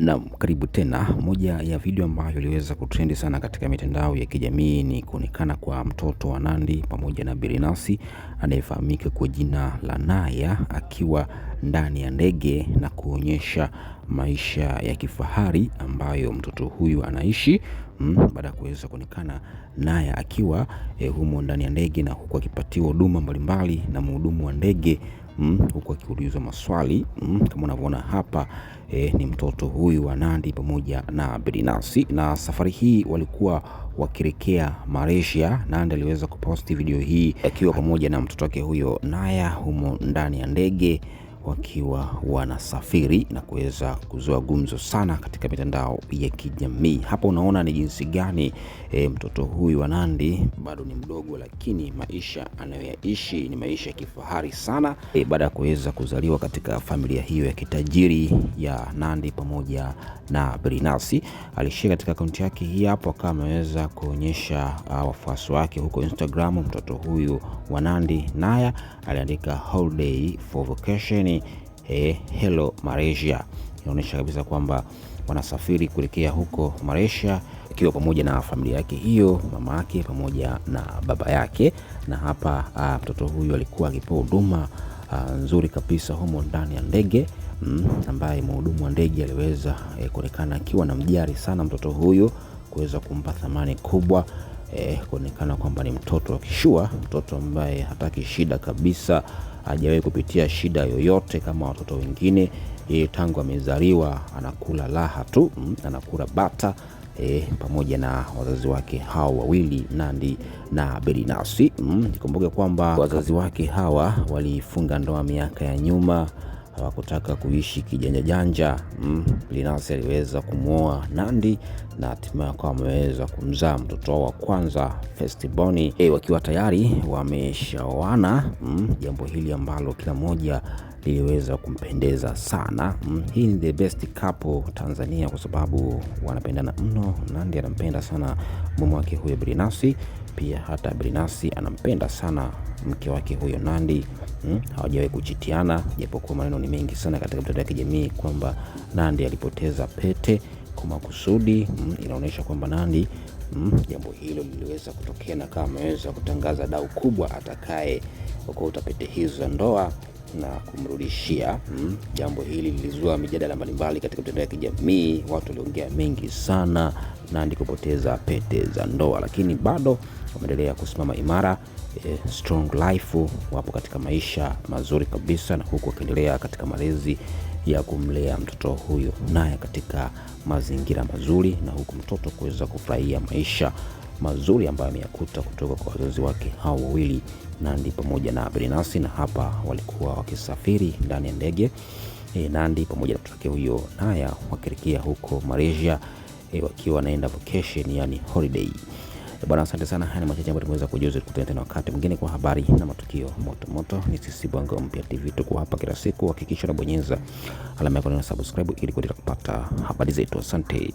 Naam, karibu tena. Moja ya video ambayo iliweza kutrendi sana katika mitandao ya kijamii ni kuonekana kwa mtoto wa Nandy pamoja na Birinasi anayefahamika kwa jina la Naya akiwa ndani ya ndege na kuonyesha maisha ya kifahari ambayo mtoto huyu anaishi mm, baada ya kuweza kuonekana Naya akiwa eh, humo ndani ya ndege na huku akipatiwa huduma mbalimbali na mhudumu wa ndege mm, huku akiulizwa maswali mm, kama unavyoona hapa eh, ni mtoto huyu wa Nandy pamoja na Billnass, na safari hii walikuwa wakirekea Malaysia. Nandy aliweza kuposti video hii akiwa pamoja na mtoto wake huyo Naya humo ndani ya ndege wakiwa wanasafiri na kuweza kuzua gumzo sana katika mitandao ya kijamii. Hapa unaona ni jinsi gani e, mtoto huyu wa Nandy bado ni mdogo, lakini maisha anayoyaishi ni maisha ya kifahari sana e, baada ya kuweza kuzaliwa katika familia hiyo ya kitajiri ya Nandy pamoja na Brinasi. Alishia katika akaunti yake hii hapo, akawa ameweza kuonyesha uh, wafuasi wake huko Instagram mtoto huyu wa Nandy, naye aliandika holiday for vacation Marekani eh, hello Malaysia. Inaonyesha kabisa kwamba wanasafiri kuelekea huko Malaysia ikiwa pamoja na familia yake hiyo, mama yake pamoja na baba yake. Na hapa ah, mtoto huyu alikuwa akipewa huduma ah, nzuri kabisa humo ndani ya ndege mm, ambaye mhudumu wa ndege aliweza eh, kuonekana akiwa na mjari sana mtoto huyu kuweza kumpa thamani kubwa eh, kuonekana kwamba ni mtoto wa kishua, mtoto ambaye hataki shida kabisa, hajawahi kupitia shida yoyote kama watoto wengine. Yeye eh, tangu amezaliwa anakula raha tu, mm, anakula bata E, pamoja na wazazi wake hawa wawili Nandi na Belinasi. Mm, mm, kwamba wazazi wake hawa walifunga ndoa miaka ya nyuma hawakutaka kuishi kijanjajanja. Mm, Linasi aliweza kumwoa Nandi na hatimaye akawa wameweza kumzaa mtoto wao wa kwanza Festiboni, e, eh, wakiwa tayari wameshaoana. Mm, jambo hili ambalo kila mmoja liliweza kumpendeza sana. Mm, hii ni the best couple Tanzania kwa sababu wanapendana mno. Nandi anampenda sana mume wake huyo Brinasi, pia hata Brinasi anampenda sana mke wake huyo nandi Hmm, hawajawahi kuchitiana, japokuwa maneno ni mengi sana katika mtandao ya kijamii kwamba nandi alipoteza pete kwa makusudi. Hmm, inaonyesha kwamba nandi mm, jambo hmm, hilo liliweza kutokea na kama ameweza kutangaza dau kubwa atakaye kwa pete hizo za ndoa na kumrudishia mm. Jambo hili lilizua mijadala mbalimbali katika mitandao ya kijamii, watu waliongea mengi sana na kupoteza pete za ndoa, lakini bado wameendelea kusimama imara eh, strong life, wapo katika maisha mazuri kabisa, na huku wakiendelea katika malezi ya kumlea mtoto huyo naye katika mazingira mazuri, na huku mtoto kuweza kufurahia maisha mazuri ambayo ameyakuta kutoka kwa wazazi wake hao wawili Nandi pamoja na Berinasi, na hapa walikuwa wakisafiri ndani ya ndege e, Nandi pamoja na mtoto wake huyo Naya wakirikia huko Malaysia e, wakiwa wanaenda vacation, yani holiday. E, bwana, asante sana. Haya ni machache ambayo tumeweza kujuza. Tukutane tena wakati mwingine kwa habari na matukio moto moto. Ni sisi Bongo Mpya TV, tuko hapa kila siku. Hakikisha unabonyeza alama ya subscribe ili kuendelea kupata habari zetu. Asante.